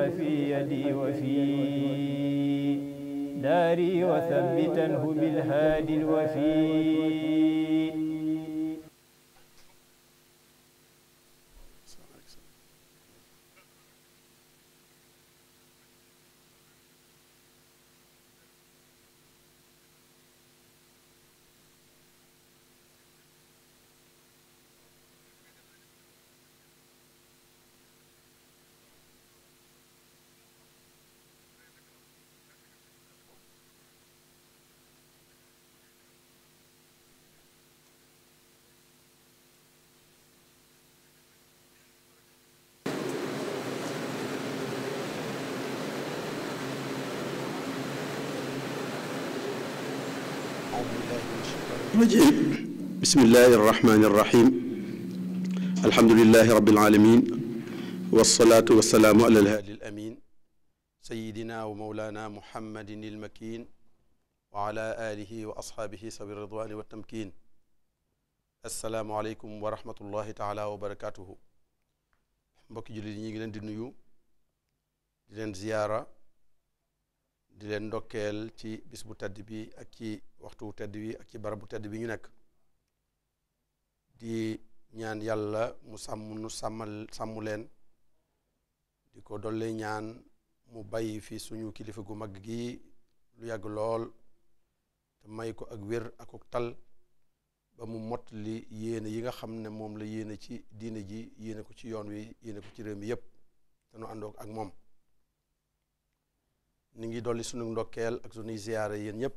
الريح في يدي وفي داري وثبته بالهادي الوفي الرجيم بسم الله الرحمن الرحيم الحمد لله رب العالمين والصلاة والسلام على الهادي الأمين سيدنا ومولانا محمد المكين وعلى آله وأصحابه سبيل الرضوان والتمكين السلام عليكم ورحمة الله تعالى وبركاته mbokki jullit yi ñu ngi leen di nuyu di leen ziyaara di leen ndokkeel ci bis bu tedd bi ak ci waxtu tedd bi ak ci barab bu tedd bi ñu nekk di ñaan yàlla mu sàmm nu sàmmal sàmm leen di ko dolle ñaan mu bàyyi fi suñu kilifa gu mag gi lu yàgg lool te may ko ak wér ak tal ba mu mott li yéene yi nga xam ne moom la yéene ci diine ji yéene ko ci yoon wi yéene ko ci réew mi yépp te nu àndook ak moom ni ngi dolli sunu ndokkeel ak sunuy ziyaare yéen ñëpp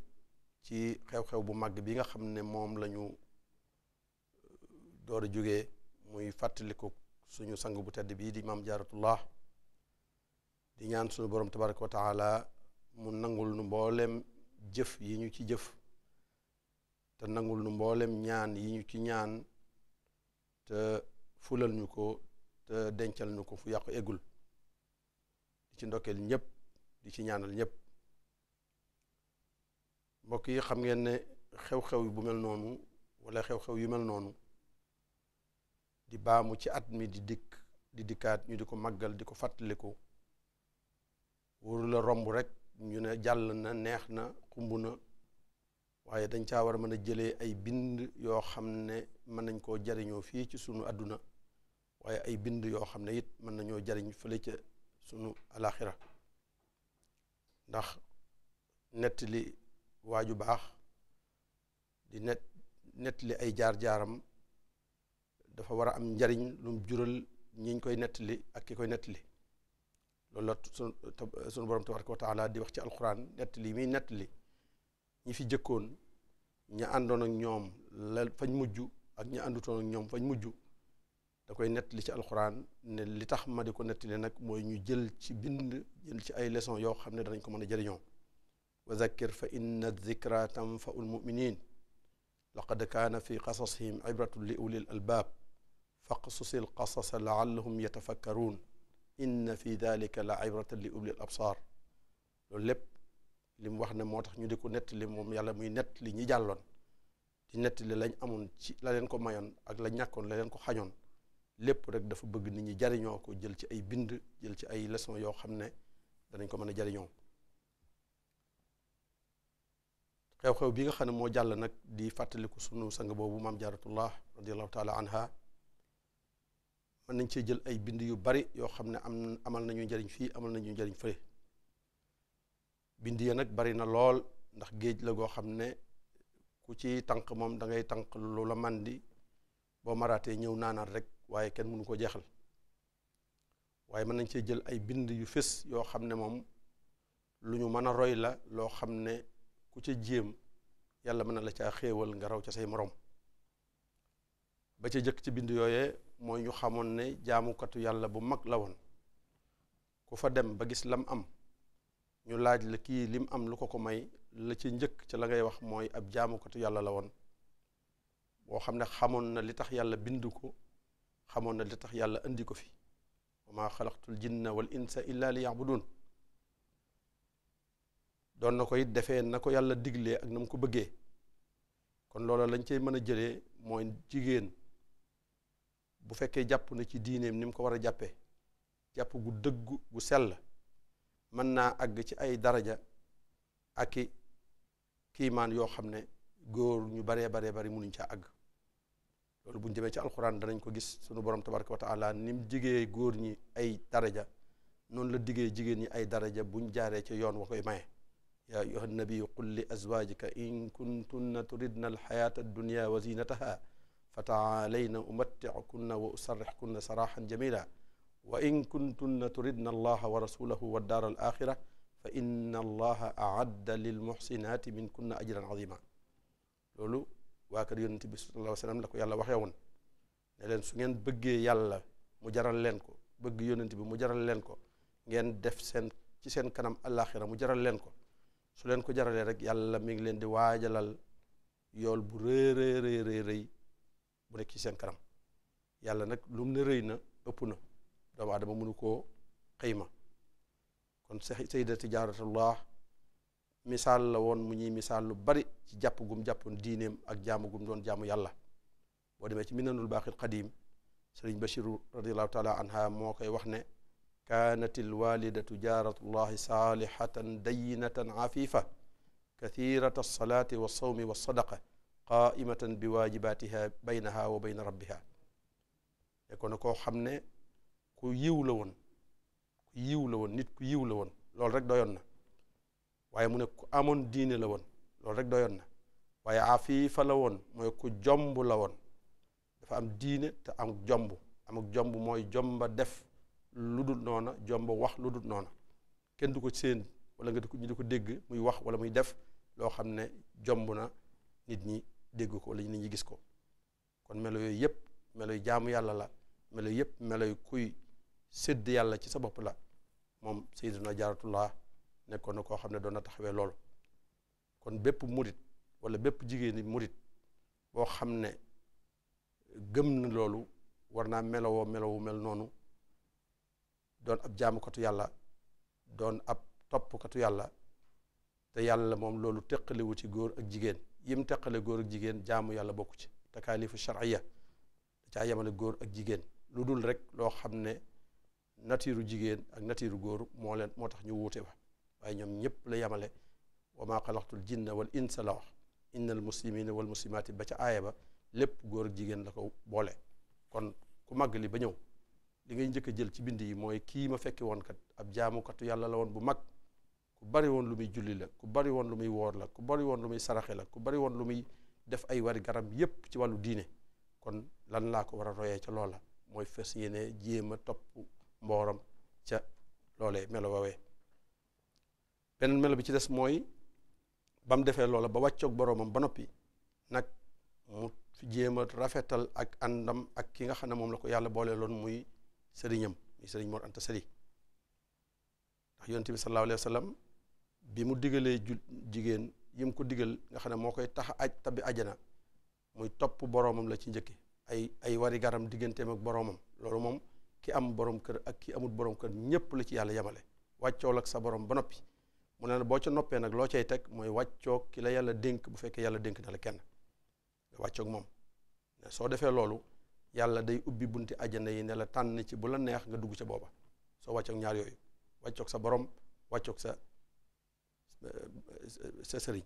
ci xew-xew bu màgg bi nga xam ne moom lañu euh, door a jógee muy fàttaliku suñu sang bu tedd bii di maam jaaratullah di ñaan suñu borom tabaraka wa mu nangul nu mboolem jëf yi ñu ci jëf te nangul nu mbooleem ñaan yi ñu ci ñaan te fulal ñu ko te dencal ñu ko fu yàqu eggul di ci ndokkeel ñëpp di ci ñaanal ñëpp mbokk yi xam ngeen ne xew-xew bu mel noonu wala xew-xew yu mel noonu di baamu ci at mi di dikk di dikkaat ñu di ko màggal di ko fàttaliku wóoru la romb rek ñu ne jàll na neex na xumb na waaye dañ caa war a mën a jële ay bind yoo xam ne mën nañ koo jariñoo fii ci sunu àdduna waaye ay bind yoo xam ne it mën nañoo jariñ fële ca sunu alaxira ndax nett li waaju baax di net nett li ay jaar-jaaram dafa war a am njariñ lu jural ñiñ koy nettali ak ki koy nett li loolu la sunu borom tabaraka wa taala di wax ci alxuraan nett li muy nett li ñi fi jëkkoon ña àndoon ak ñoom la fañ mujj ak ña àndutoon ak ñoom fañ mujj da koy nettali ci alxuraan ne li tax ma di ko nettali nag mooy ñu jël ci bind jël ci ay leçon yoo xam ne danañ ko mën a jëriñoo wa zakkir fa inna zikra tanfaul muminin laqad kaana fi qasasihim ibratun li ulil albaab faqsusil qasasa laallahum yatafakkaruun inna fi dalika la ibratan li ulil absaar loolu lépp li mu wax ne moo tax ñu di ko nettali moom yàlla muy nettali ñi jàlloon di nettali lañ amoon ci la leen ko mayoon ak la ñàkkoon la leen ko xañoon lépp rek dafa bëgg nit ñi jariñoo ko jël ci ay bind jël ci ay leçon yoo xam ne danañ ko mën a jariñoo xew-xew bi nga xam ne moo jàll nag di fàttaliku sunu sang boobu maam jaaratullah radiallahu taala anha mën nañ cee jël ay bind yu bari yoo xam ne am amal nañu njariñ fii amal nañu jariñ fële bind ya nag bari na lool ndax géej la goo xam ne ku ci tànk moom dangay ngay tànk lu la man boo maraatee ñëw naanaat rek waaye kenn mënu ko jeexal waaye mën nañ cee jël ay bind yu fés yoo xam ne moom lu ñu mën a roy la loo xam ne ku ca jéem yàlla mën na la caa xéewal nga raw ca say moroom ba ca jëkk ci bind yooye mooy ñu xamoon ne jaamukatu yàlla bu mag la woon ku fa dem ba gis lam am ñu laaj la kii lim am lu ko ko may la ci njëkk ca la ngay wax mooy ab jaamukatu yàlla la woon boo xam ne xamoon na li tax yàlla bind ko xamoon na li tax yàlla indi ko fi wa maa xalaqtul jinna wal insa illa li yabudun doon na ko it defee na ko yàlla diglee ak na mu ko bëggee kon loola lañ cey mën a jëlee mooy jigéen bu fekkee jàpp na ci diineem ni mu ko war a jàppee jàpp gu dëgg gu sell mën naa àgg ci ay daraja ak i kiimaan yoo xam ne góor ñu baree baree bari munuñ caa àgg loolu bu ñu demee ci alxuraan danañ ko gis sunu borom tabaraka wa taala ni mu digee góor ñi ay daraja noonu la digee jigéen ñi ay daraja buñ jaaree ci yoon wa koy maye yaa ayyuha nabiyu qul li azwajika in kuntunna turidna alxayata addunia wa zinataha fa taalayna umatticukunna wa usarrixkunna saraxan jamila wa in kuntunna turidna allaha wa rasulahu wa addaara al axira fa inna allaha aadda lilmuxsinaati minkunna ajran azima loolu waa kër yonent bi sallallahu alayhi wa la ko yàlla waxee woon ne leen su ngeen bëggee yàlla mu jaral leen ko bëgg yonent bi mu jaral leen ko ngeen def seen ci seen kanam àllaaxira mu jaral leen ko su leen ko jaralee rek yàlla mi ngi leen di waajalal yool bu rëy rëy rëy rëy bu nekk ci seen kanam yàlla nag lu mu ne rëy na ëpp na doomu aadama mënu koo xëyma kon sayyidati jaaratullah misaal la woon mu ñuy misaal lu bari ci jàpp gum jàppoon diineem ak jaamu gum doon jaamu yàlla boo demee ci minanul baaxil xadiim sëriñ Bachiru radiallahu taala anha moo koy wax ne kaanat alwalidatu jaaratullahi saalihatan dayinatan afifa kathirata alsalaati walsawmi walsadaqa qaimatan bi waajibatiha baynaha wa bayna rabbiha nekkoon koo xam ne ku yiw la woon ku yiw la woon nit ku yiw la woon loolu rek doyoon na waaye mu ne ku amoon diine la woon loolu rek doyoon na waaye afiifa la woon mooy ku jomb la woon dafa am diine te am jomb am jomb mooy jomba def lu dul noona jomba wax lu dul noona kenn du ko séen wala nga di ko di ko dégg muy wax wala muy def loo xam ne jomb na nit ñi dégg ko wala nit ñi gis ko kon melo yooyu yépp melo yu jaamu yàlla la melo yépp melo yu kuy sedd yàlla ci sa bopp la moom sayyiduna jaaratullah nekkoon na koo xam ne doon na taxawee loolu kon bépp murit wala bépp jigéeni murit boo xam ne gëm na loolu war naa melowoo melowu mel noonu doon ab jaamukatu yàlla doon ab toppkatu yàlla te yàlla moom loolu teqalewu ci góor ak jigéen yim teqale góor ak jigéen jaamu yàlla bokku ci takaalifu shar'iyya da caa yemale góor ak jigéen lu dul rek loo xam ne natiiru jigéen ak natiiru góor moo leen moo tax ñu wuute wa waaye ñoom ñëpp la yamale wa maa xalaqtul jinna wal insa la wax innal muslimina wal muslimaati ba ca aaya ba lépp góor ak jigéen la ko boole kon ku màgg li ba ñëw li ngay njëkk a jël ci bind yi mooy kii ma fekki woon kat ab jaamukatu yàlla la woon bu mag ku bari woon lu muy julli la ku bari woon lu muy woor la ku bari woon lu muy saraxe la ku bari woon lu muy def ay wari garam yépp ci wàllu diine kon lan laa ko war a royee ca loola mooy fas yéene jéem a topp mbooram ca loolee melo beneen melo bi ci des mooy ba mu defee loola ba wàccoog boroomam ba noppi nag mu jéem a rafetal ak àndam ak ki nga xam ne moom la ko yàlla boolee loon muy sëriñam muy sëriñ Mor Anta Sali ndax yonent bi sallallahu alayhi wa sallam bi mu digalee jigéen yi mu ko digal nga xam ne moo koy tax aj tabi ajana muy topp boroomam la ci njëkke ay ay wari garam digganteem ak boroomam loolu moom ki am borom kër ak ki amul borom kër ñépp la ci yàlla yemale wàccool ak sa borom ba noppi mu ne na boo ca noppee nag loo cay teg mooy wàccoog ki la yàlla dénk bu fekkee yàlla dénk na la kenn nga wàccoog moom soo defee loolu yàlla day ubbi bunti àjjana yi ne la tànn ci bu la neex nga dugg ca booba soo wàccoog ñaar yooyu wàccoog sa borom wàccoog sa sa sëriñ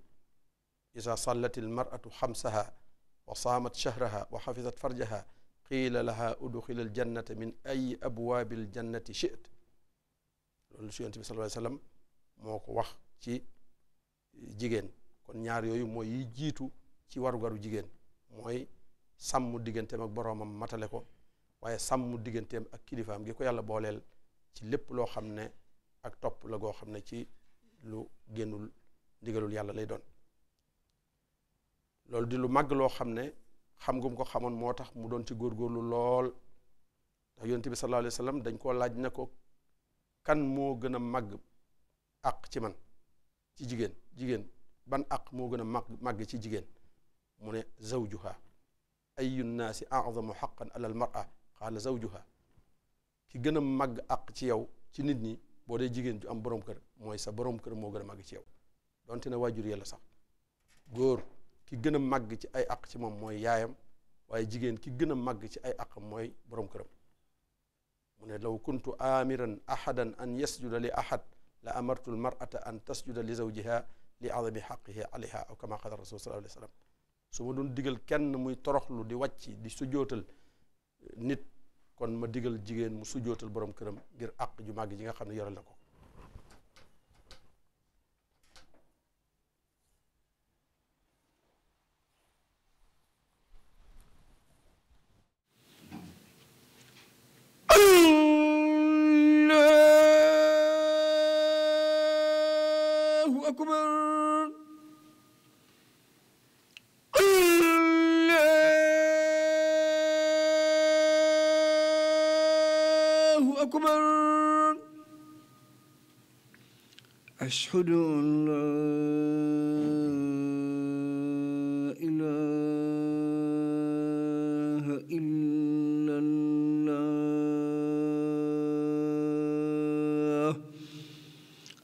isa sallat il maratu xamsaha wa saamat shahraha wa xafisat farjaha qiila laha udxila aljannata min ay abwaabi aljannati chit loolu su yonent bi sallallahu alayhi wa sallam moo ko wax ci jigéen kon ñaar yooyu mooy yi jiitu ci warugaru jigéen mooy sàmm digganteem ak boroomam matale ko waaye sàmm digganteem ak kilifaam gi ko yàlla booleel ci lépp loo xam ne ak topp la goo xam ne ci lu génnul ndigalul yàlla lay doon loolu di lu màgg loo xam ne xam ngum ko xamoon moo tax mu doon ci góor góorgóorlu lool ndax yonent bi sallallahu alayhi wa sallam dañ koo laaj na ko kan moo gën a màgg àq ci man ci jigéen jigéen ban àq moo gën a mag màgg ci jigéen mu ne zawjuha ayu nnaasi azamu xaqan ala al mara qaala zawjuha ki gën a màgg àq ci yow ci nit ñi boo dee jigéen ju am borom kër mooy sa borom kër moo gën a màgg ci yow donte ne waajur yàlla sax góor ki gën a màgg ci ay àq ci moom mooy yaayam waaye jigéen ki gën a màgg ci ay àqam mooy borom këram mu ne law kuntu aamiran ahadan an yasjuda li ahad la amartu lmarata an tasjuda li zawjiha li adami xaqihi alayha aw kama qala rasul sallallahu alayhi wa sallam su ma doon digal kenn muy toroxlu di wàcc di sujootal eh, nit kon ma digal jigéen mu sujootal borom këram ngir àq ju màgg ji nga xam ne yoral na ko أكبر الله أكبر أشهد أن لا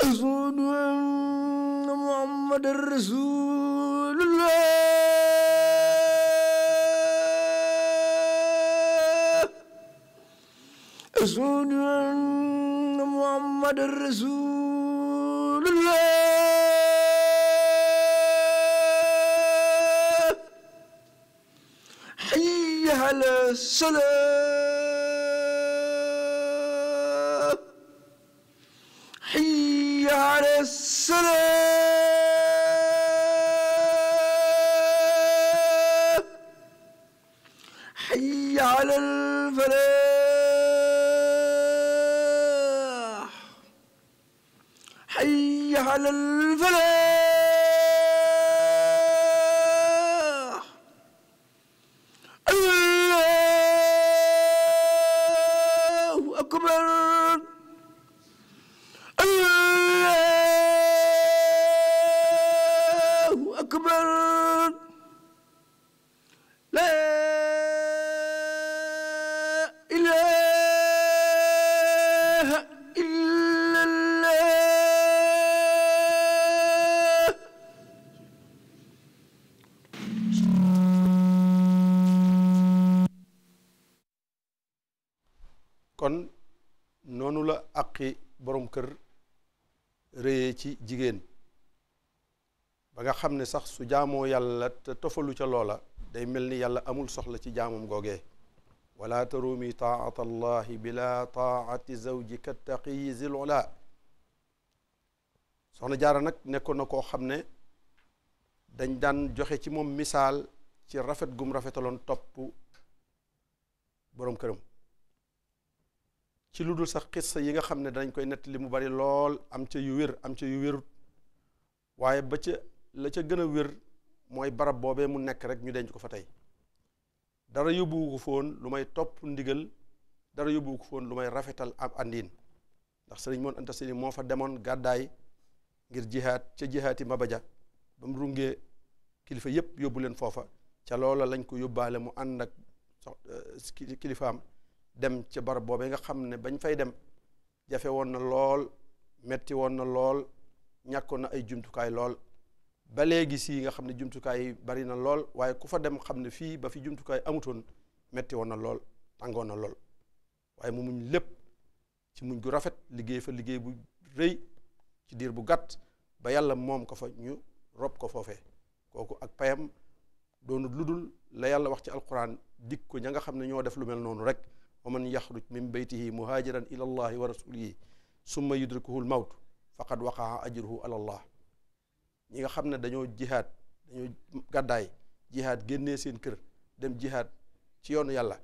أشهد أن محمد رسول الله أشهد أن محمد رسول الله حي على السلام kon noonu la àqi borom kër réyee ci jigéen ba nga xam ne sax su jaamoo yàlla te tofalu ca loola day mel ni yàlla amul soxla ci jaamam googee wala tarumi taata allahi bila taati zawjika taqiyi zil ula soxna jaara nag nekkoon na koo xam ne dañ daan joxe ci moom misaal ci rafet gum rafetaloon topp boroom këram ci lu dul sax xissa yi nga xam ne danañ koy nettali mu bari lool am ca yu wér am ca yu wérut waaye ba ca la ca gën a wér mooy barab boobee mu nekk rek ñu denc ko fa tey dara yóbbuwu ko foon lu may topp ndigal dara yóbbuwu ko foon lu may rafetal ab àndiin ndax sëriñ moon Anta Sali moo fa demoon gàddaay ngir jihaat ca jihaati Mabaja ba mu rungee kilifa yépp yóbbu leen foofa ca loola lañ ko yóbbaale mu ànd ak eh, kilifaam dem ca barab boobee nga xam ne bañ fay dem jafe woon na lool metti woon na lool ñàkkoon na ay jumtukaay lool ba léegi si nga xam ne jumtukaay yi bari na lool waaye ku fa dem xam ne fii ba fi jumtukaay amutoon metti woon na lool tàngoon na lool waaye mu muñ lépp ci muñ gu rafet liggéey fa liggéey bu rëy ci diir bu gàtt ba yàlla moom ko fa ñu rob ko foofe kooku ak payam doonut lu dul la yàlla wax ci alquran dikk ko ña nga xam ne ñoo def lu mel noonu rek wa man yaxruj min beytihi muhaajiran ila allahi wa rasulihi summa yudrikuhu lmawt faqad waqaa ajruhu ala allah ñi nga xam ne dañoo jihaad dañoo gàddaay jihaad génnee seen kër dem jihaad ci yoonu yàlla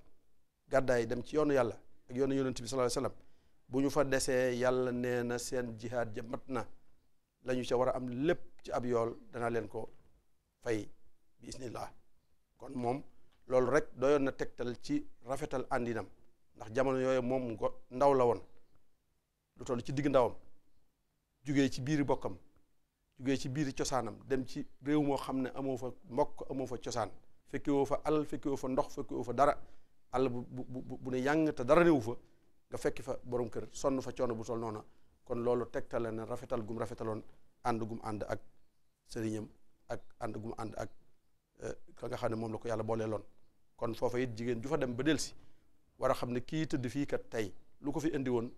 gàddaay dem ci yoonu yàlla ak yoonu yonent bi sallallahu bu ñu fa desee yàlla nee na seen jihaad ja na la ñu war a am lépp ci ab yool danaa leen ko fay bismillah kon moom loolu rek doyoon na tegtal ci rafetal àndinam ndax jamono yooyu moom ko ndaw la woon lu toll ci digg ndawam jugee ci biiri bokkam jugee ci biiri cosaanam dem ci réew moo xam ne amoo fa mbokk amoo fa cosaan fekkiwoo fa alal fekkiwoo fa ndox fekkiwoo fa dara àll bu bu bu ne yàng te dara newu fa nga fekki fa borom kër sonn fa coono bu tol noona kon loolu tegtale na rafetal gum rafetaloon ànd gum ànd ak sëriñam ak ànd gum ànd ak eh, ka nga xam ne moom la ko yàlla booleeloon kon foofa it jigéen du fa dem ba delsi war a xam ne kii tëdd fii kat tey lu ko fi indi woon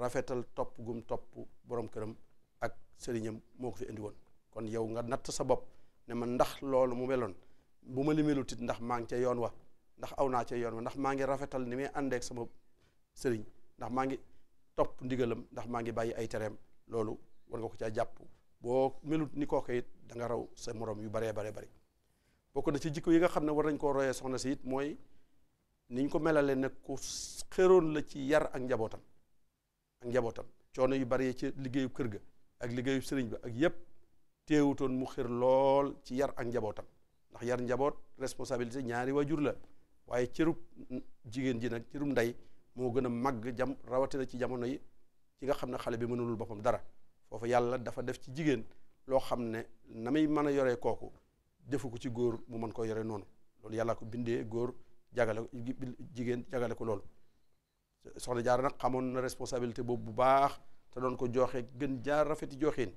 rafetal topp gum topp borom këram ak sëriñam moo ko fi indi woon kon yow nga natt sa bopp ne ma ndax loolu mu meloon bu ma li melut it ndax maa ngi ca yoon wa ndax aw naa ca yoon wa ndax maa ngi rafetal ni muy àndeek sama sëriñ ndax maa ngi topp ndigalam ndax maa ngi bàyyi ay tereem loolu war nga ko caa jàpp boo melut ni kooku it da nga raw sa morom yu baree bare bari bokk na ci jikko yi nga xam ne war nañ koo royee soxna si it mooy niñ ko melale nag ku xëroon la ci yar ak njabootam ak njabootam coono yu bari ci liggéeyu kër ga ak liggéeyu sëriñ ba ak yépp teewutoon mu xër lool ci yar ak njabootam ndax yar njaboot responsabilité ñaari waajur la waaye cërub jigéen ji nag cërub ndey moo gën a màgg jam rawatina ci jamono yi ci nga xam ne xale bi mënul boppam dara foofu yàlla dafa def ci jigéen loo xam ne na muy mën a yore kooku defu ko ci góor mu mën koo yore noonu loolu jagale jigéen jagale ko loolu soxna jaara nag xamoon na responsabilité boobu bu baax te doon ko joxe gën jaar rafeti joxin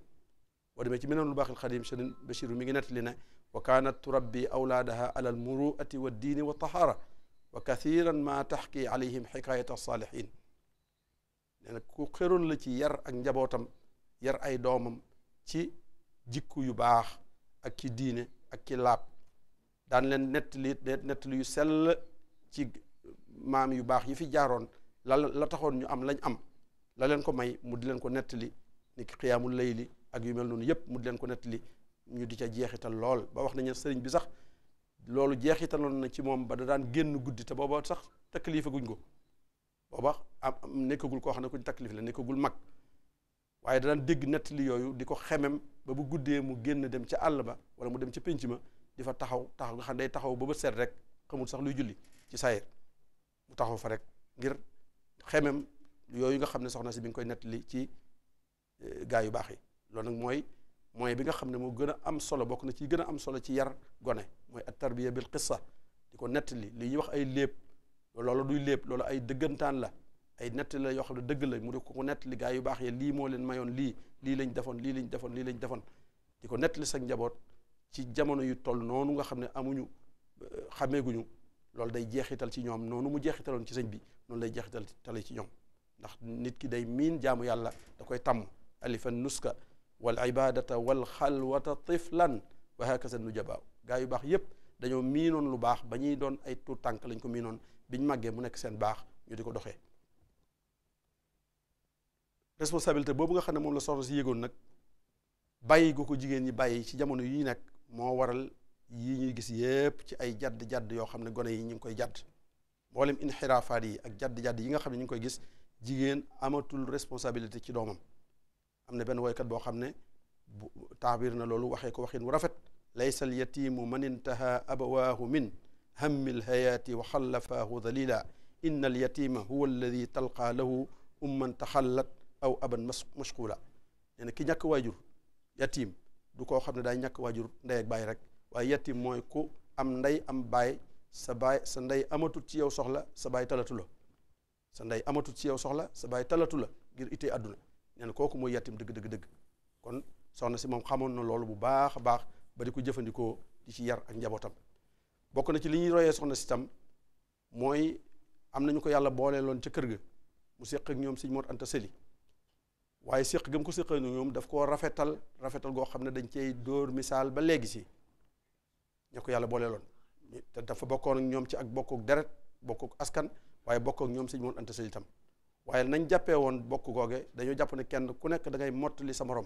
boo demee ci meneen lu baaxil xadim sëriñ Bachir mi ngi nettali ne wa kaanat turabbi awlaadaha ala almuruati wa diini wa tahaara wa kathiran ma taxki alayhim xikayat alsaalihin nee na ku xëroon la ci yar ak njabootam yar ay doomam ci jikku yu baax ak ci diine ak ci laab daan leen nettali nettali yu sell ci maam yu baax yi fi jaaroon la la taxoon ñu am lañ am la leen ko may mu di leen ko nettali ni ki xiyaamul li ak yu mel noonu yépp mu di leen ko nettali ñu di ca jeexital lool ba wax nañu sëriñ bi sax loolu jeexitaloon na ci moom ba da daan génn guddi te booba sax takkilifa guñ ko booba am nekkagul koo xam ne kuñ takkilif la nekkagul mag waaye da daan dégg nettali yooyu di ko xemem ba bu guddee mu génn dem ca àll ba wala mu dem ca pénc ma di fa taxaw taxaw nga xam ne day taxaw ba ba set rek xamul sax luy julli ci saayir mu taxaw fa rek ngir xemem yooyu nga xam ne soxna si bi nga koy nettali ci eh, gaa yu baax yi loolu nag mooy mooy bi nga xam ne moo gën a am solo bokk na ci gën a am solo ci yar gone mooy at tarbiya bil qissa di ko nettali li ñuy wax ay léeb loolu duy léeb loolu ay dëggantaan la ay nettali la yoo xam ne dëgg la mu di ko nettali gaa yu baax yi lii moo leen mayoon lii lii lañ defoon lii lañ defoon lii lañ defoon di ko nettali njaboot ci jamono yu toll noonu nga xam ne amuñu euh, xàmmeeguñu loolu day jeexital ci ñoom noonu mu jeexitaloon ci sëñ bi noonu lay jeexital tale ci ñoom ndax nit ki day miin jaamu yàlla da koy tàmm alifan nuska wal ibadata wal xalwata tiflan wa hakaza nujabaaw gaa yu baax yépp dañoo miinoon lu baax ba ñuy doon ay tuut tànk lañ ko miinoon biñ màggee mu nekk seen baax ñu di ko doxee responsabilité boobu nga xam ne moom la soxna si yégoon nag bàyyi gu ko jigéen ñi bàyyi ci jamono yi nekk moo waral yii ñuy gis yépp ci ay jadd jàdd yoo xam ne gone yi ñu ngi koy jadd mboolem inxiraafaat yi ak jàdd jadd yi nga xam ne ñu ngi koy gis jigéen amatul responsabilité ci doomam am na benn woykat boo xam ne bu taabir na loolu waxee ko waxin wu rafet laysa al yatimu man intaha abawaahu min hammi lhayaati wa xallafaahu dalila inna al yatima huwa alladi talqaa lahu umman taxallat aw aban mashquula nee na ki ñàkk waajur yatim du koo xam ne daay ñàkk waajur ndey ak baay rek waaye yettim mooy ku am ndey am baay sa baay sa ndey amatut ci yow soxla sa baay talatu la sa ndey amatut ci yow soxla sa baay talatu la ngir ittee àdduna nee kooku mooy yettim dëgg dëgg dëgg kon soxna si moom xamoon na loolu bu baax a baax ba di ko jëfandikoo di ci yar ak njabootam bokk na ci li ñuy royee soxna si tam mooy am nañu ko yàlla boolee loon ca kër ga mu seq ak ñoom sëñ moot Anta Sali waaye séq gëm ko séqee na ñoom daf koo rafetal rafetal goo xam ne dañ cey dóor misaal ba léegi si ña ko yàlla booleeloon te dafa bokkoon ak ñoom ci ak bokk deret bokk askan waaye bokk ak ñoom sëñ moon anta sali tam waaye nañ jàppee woon bokk googe dañoo jàpp ne kenn ku nekk da ngay mottali sa morom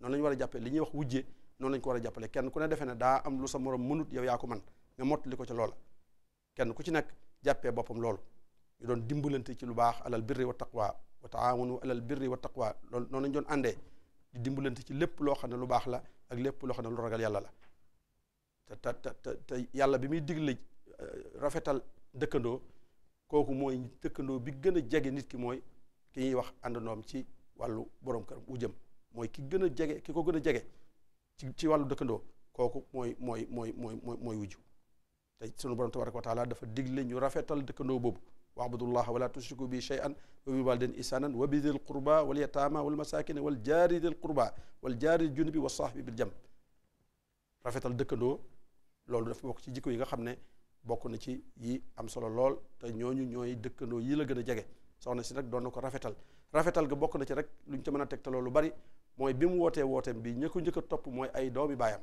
noonu la war a jàppee li ñuy wax wujje noonu lañ ko war a jàppale kenn ku ne defee ne daa am lu sa morom mënut yow yaa ko man nga mottali ko ca loola kenn ku ci nekk jàppee boppam loolu ñu doon dimbalante ci lu baax alal birri wa taqwa wa taawanu alal birri wa waa loolu noonu lañ doon àndee di dimbalante ci lépp loo xam ne lu baax la ak lépp loo xam ne lu ragal yàlla la te te te yàlla bi muy digle euh, rafetal dëkkandoo kooku mooy dëkkandoo bi gën a jege nit ki mooy ki ñuy wax àndandoom ci wàllu borom kër wu jëm mooy ki gën a jege ki ko gën a jege ci ci wàllu dëkkandoo kooku mooy mooy mooy mooy mooy wujju te sunu borom tabaraka wa taala dafa digle ñu rafetal dëkkandoo boobu waabudullah wala tushriku bi shay'an wa bi walidin isanan wa bi dil qurba wal yataama wal masaakin wal jaari dil qurba wal jaari junubi wa sahbi bil jam rafetal dëkkandoo loolu dafa bokk ci jikko yi nga xam ne bokk na ci yi am solo lool te ñooñu ñooy dëkkandoo yi la gën a jege soxna si nag doon na ko rafetal rafetal ga bokk na ci rek lu ñu ci mën a tegtaloo lu bari mooy bi mu wootee wooteem bi ñëkk ko njëkk a topp mooy ay doomi baayam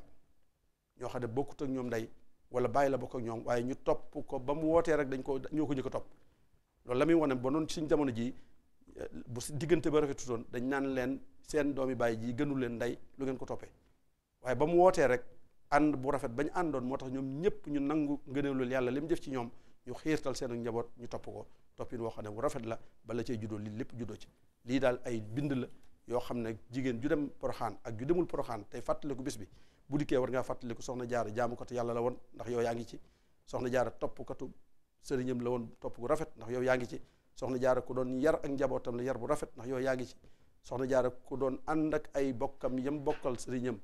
ñoo xam ne bokkut ak ñoom ndey wala bàyyi la bokk ak waaye ñu topp ko ba mu wootee rek dañ ko ñoo ko njëkk a topp loolu la muy wane ba noonu suñ jamono jii eh, bu si diggante ba rafetutoon dañ naan leen seen doomi bàyyi ji gënul leen ndey lu ngeen ko toppee waaye ba mu wootee rek ànd bu rafet bañ àndoon moo tax ñoom ñëpp ñu nangu ngëneelul yàlla li mu jëf ci ñoom ñu xiirtal seen njaboot ñu topp ko toppin woo xam ne bu rafet la bala cay juddoo lii lépp juddoo ci lii daal ay bind la yoo xam ne jigéen ju dem poroxaan ak ju demul poroxaan tey fàttaliku bis bi bu dikkee war ngaa fàttaliku soxna jaara jaamukatu yàlla la woon ndax yow yaa ngi ci soxna jaara toppkatu sëriñam la woon topp gu rafet ndax yow yaa ngi ci soxna jaara ku doon yar ak njabootam la yar bu rafet ndax yow yaa ngi ci soxna jaara ku doon ànd ak ay bokkam yam bokkal sëriñam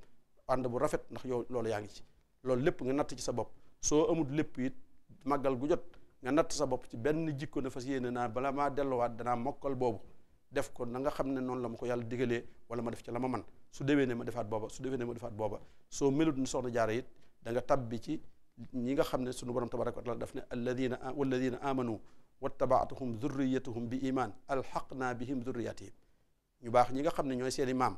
ànd bu rafet ndax yow loolu yaa ngi ci loolu lépp nga natt ci sa bopp soo amul lépp it màggal gu jot nga natt sa bopp ci benn jikko na fas yéene naa bala maa delluwaat danaa mokkal boobu def ko na nga xam ne noonu la ma ko yàlla digalee wala ma def ci la ma man su dewee ne ma defaat booba su déwee ne ma defaat booba soo melut ni soxna ñi nga xam ne sunu borom tabaraka wa taala daf ne alladina walladina amanu wattabaatuhum zurriyatuhum bi iman alxaqna bihim zurriyatihim ñu baax ñi nga xam ne ñooy seeni maam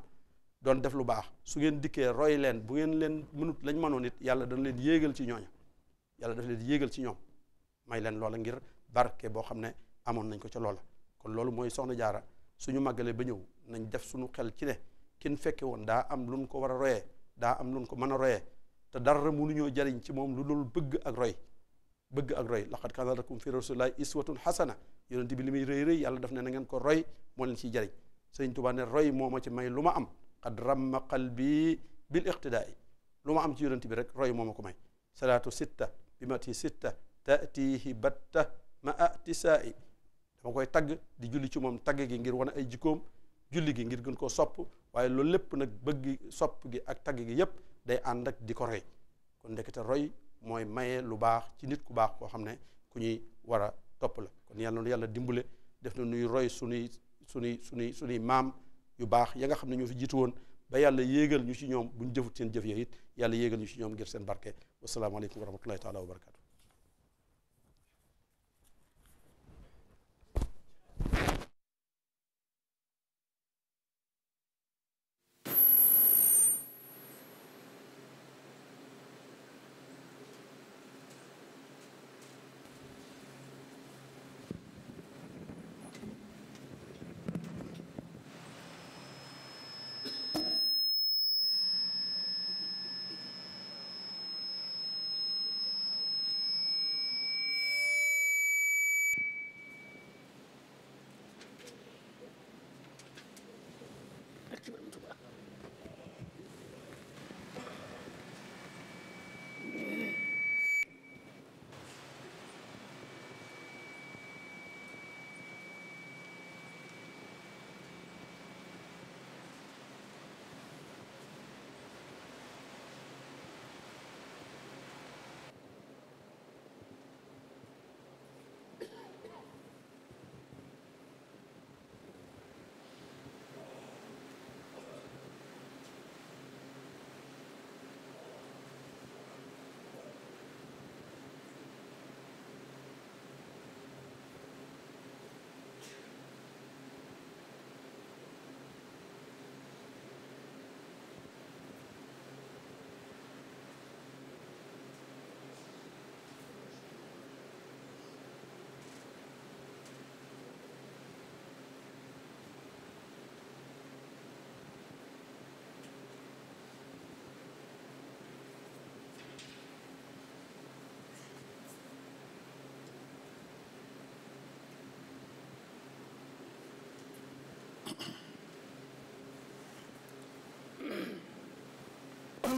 doon def lu baax su ngeen dikkee roy leen bu ngeen leen mënut lañ mënoon it yàlla dana leen yéegal ci ñooña yàlla daf leen yéegal ci ñoom may leen loola ngir barke boo xam ne amoon nañ ko ca loola kon loolu mooy soxna jaara suñu màggalee ba ñëw nañ def suñu xel ci ne kin fekke woon daa am luñ ko war a royee daa am luñ ko mën a royee te dara mënuñoo jariñ ci moom lu dul bëgg ak roy bëgg ak roy laqad kaana lakum fi rasulillahi iswatun hasana yonent bi li muy rëy rëy yàlla def ne na ngeen ko roy moo leen ciy jariñ sëñ Tuubaa ne roy moo ma ci may lu ma am qad ramma qalbi bil iqtidaai lu ma am ci yonent bi rek roy moo ma ko may salaatu sitta bi mati sitta taatihi batta ma ati saai dama koy tagg di julli ci moom tagg gi ngir wane ay jikkoom julli gi ngir gën koo sopp waaye loolu lépp nag bëgg sopp gi ak tagg gi yépp day ànd ak di ko roy kon ndekete roy mooy maye lu baax ci nit ku baax koo xam ne ku ñuy war a topp la kon yàlla na yàlla dimbale def na nuy roy su su sunuy sunuy sunuy maam yu baax ya nga xam ne ñoo fi jiitu woon ba yàlla yéegal ñu ci ñoom bu ñu jëfut seen jëf yooyu it yàlla yéegal ñu ci ñoom ngir seen barke wasalaamaaleykum wa rahmatullahi taala wa barakatu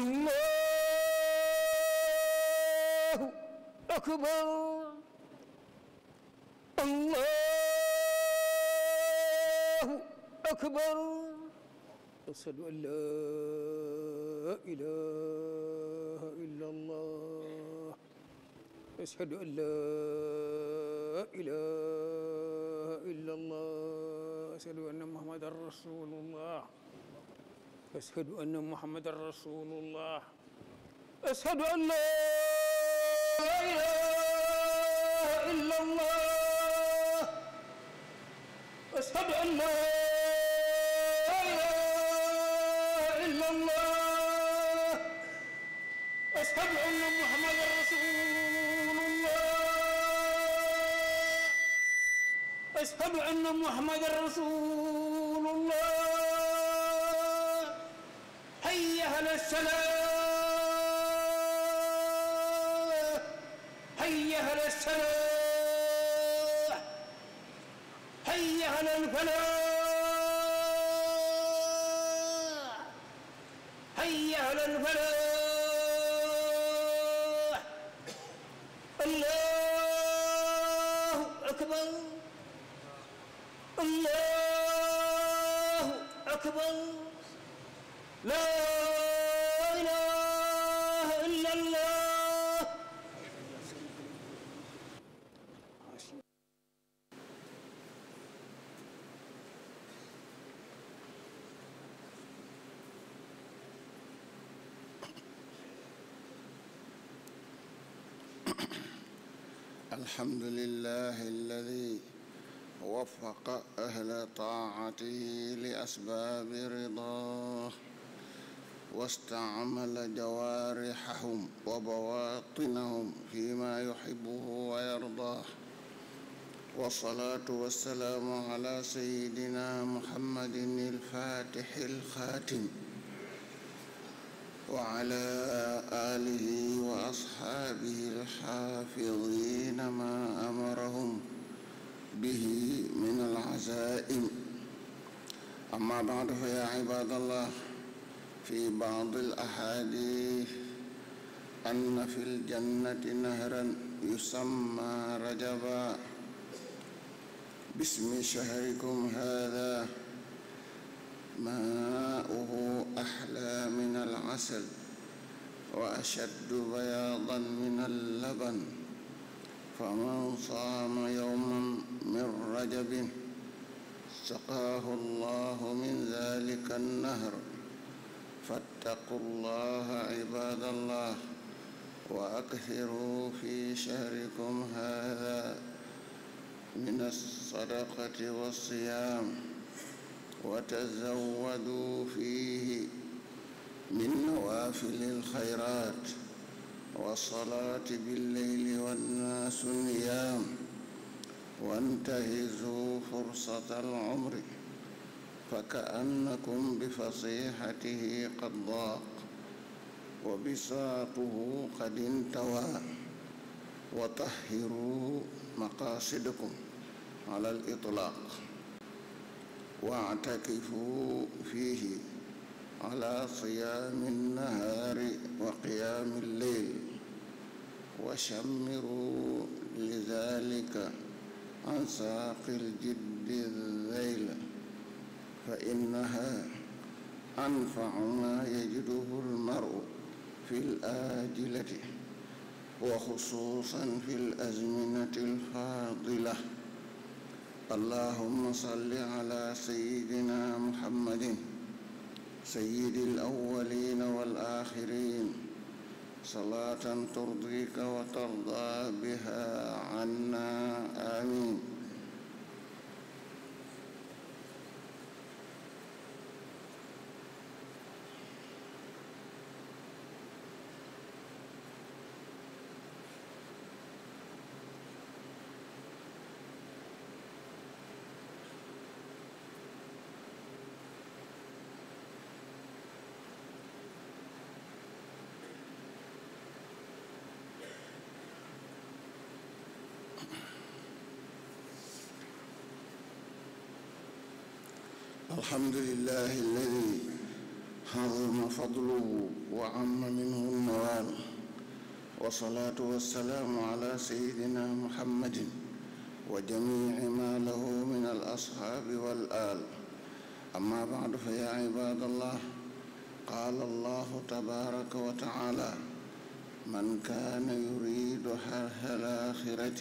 الله أكبر الله أكبر أشهد أن لا إله إلا الله أشهد أن لا إله إلا الله أشهد أن محمدا رسول الله واشهد ان محمدا رسول الله اشهد ان لا اله الا الله اشهد ان لا اله الا الله اشهد ان محمدا رسول الله اشهد ان محمدا رسول للصلاة هيا على الصلاة هيا على الفلاح هيا على الفلاح الله أكبر الله أكبر لا الحمد لله الذي وفق أهل طاعته لأسباب رضاه واستعمل جوارحهم وبواطنهم فيما يحبه ويرضاه والصلاة والسلام على سيدنا محمد الفاتح الخاتم وعلى آله وأصحابه الحافظين ما أمرهم به من العزائم أما بعد فيا عباد الله في بعض الأحاديث أن في الجنة نهرا يسمى رجبا باسم شهركم هذا ماؤه أحلى من العسل وأشد بياضا من اللبن فمن صام يوما من رجب سقاه الله من ذلك النهر فاتقوا الله عباد الله وأكثروا في شهركم هذا من الصدقة والصيام وتزودوا فيه من نوافل الخيرات والصلاة بالليل والناس نيام وانتهزوا فرصة العمر فكأنكم بفصيحته قد ضاق وبساطه قد انتوى وطهروا مقاصدكم على الإطلاق واعتكفوا فيه على صيام النهار وقيام الليل وشمروا لذلك عن ساق الجد الذيل فإنها أنفع ما يجده المرء في الآجلة وخصوصا في الأزمنة الفاضلة اللهم صل على سيدنا محمد سيد الأولين والآخرين صلاة ترضيك وترضى بها عنا آمين الحمد لله الذي عظم فضله وعم منه النوال والصلاة والسلام على سيدنا محمد وجميع ما له من الأصحاب والآل أما بعد فيا عباد الله قال الله تبارك وتعالى من كان يريد حرث الآخرة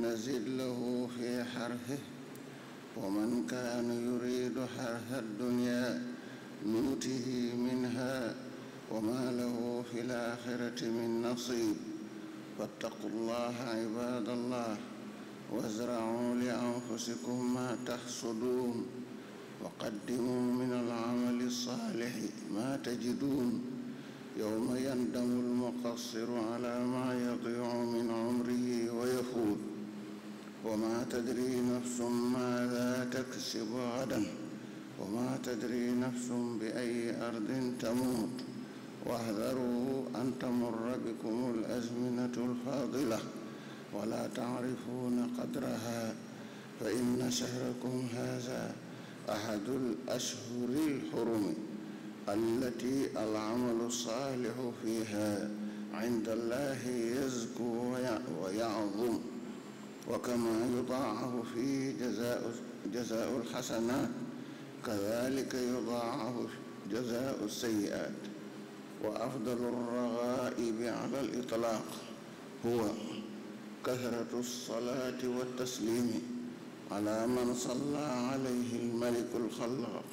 نزل له في حرثه ومن كان يريد حرث الدنيا نوته منها وما له في الآخرة من نصيب فاتقوا الله عباد الله وازرعوا لأنفسكم ما تحصدون وقدموا من العمل الصالح ما تجدون يوم يندم المقصر على ما يضيع من عمره ويفوت وما تدري نفس ماذا تكسب غدا وما تدري نفس بأي أرض تموت واحذروا أن تمر بكم الأزمنة الفاضلة ولا تعرفون قدرها فإن شهركم هذا أحد الأشهر الحرم التي العمل الصالح فيها عند الله يزكو ويعظم وكما يضاعف فيه جزاء جزاء الحسنات كذلك يضاعف جزاء السيئات وأفضل الرغائب على الإطلاق هو كثرة الصلاة والتسليم على من صلى عليه الملك الخلاق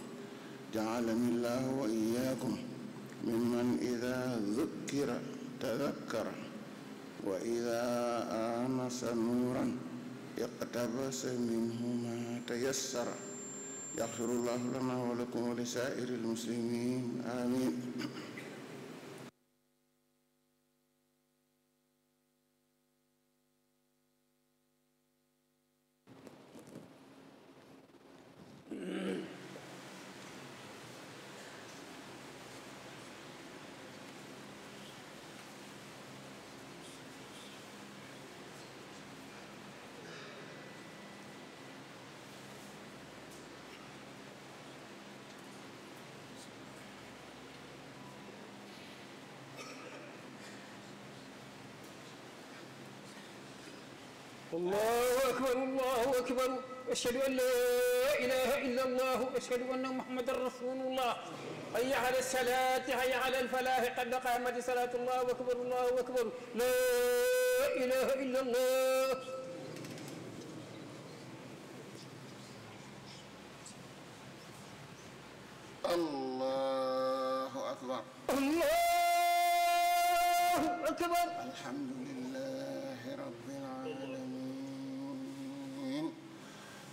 جعلني الله وإياكم ممن إذا ذكر تذكر وإذا آنس نورا اقتبس منه ما تيسر يغفر الله لنا ولكم ولسائر المسلمين آمين الله أكبر الله أكبر أشهد أن لا إله إلا الله أشهد أن محمدا رسول الله حي على الصلاة حي على الفلاح قد قامت صلاة الله أكبر الله أكبر لا إله إلا الله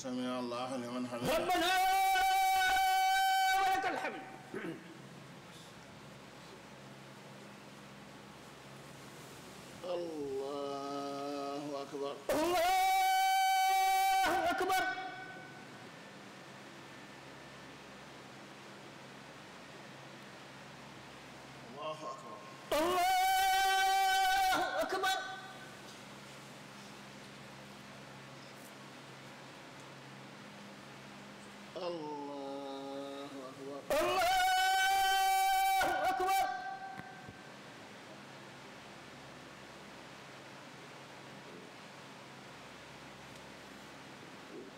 sami Allahu liman hamid rabbana wa lakal hamd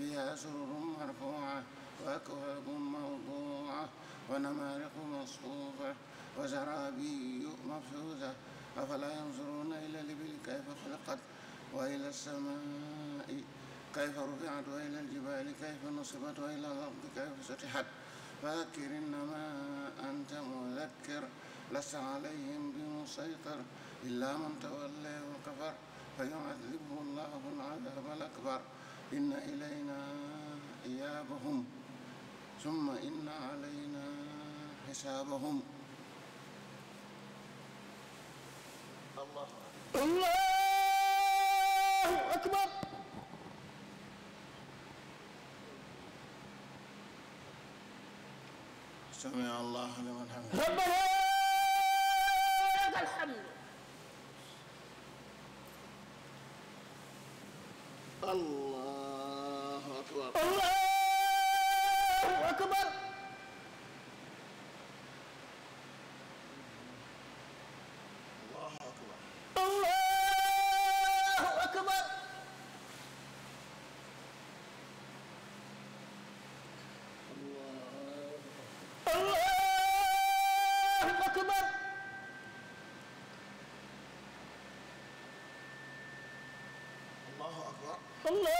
فيها سرر مرفوعة وأكواب موضوعة ونمارق مصفوفة وزرابي مبثوثة أفلا ينظرون إلى الإبل كيف خلقت وإلى السماء كيف رفعت وإلى الجبال كيف نصبت وإلى الأرض كيف سطحت فذكر إنما أنت مذكر لست عليهم بمسيطر إلا من تولى وكفر فيعذبه الله العذاب الأكبر إن إلينا إيابهم ثم إن علينا حسابهم الله الله أكبر سمع الله لمن حمده ربنا لك الحمد الله Allah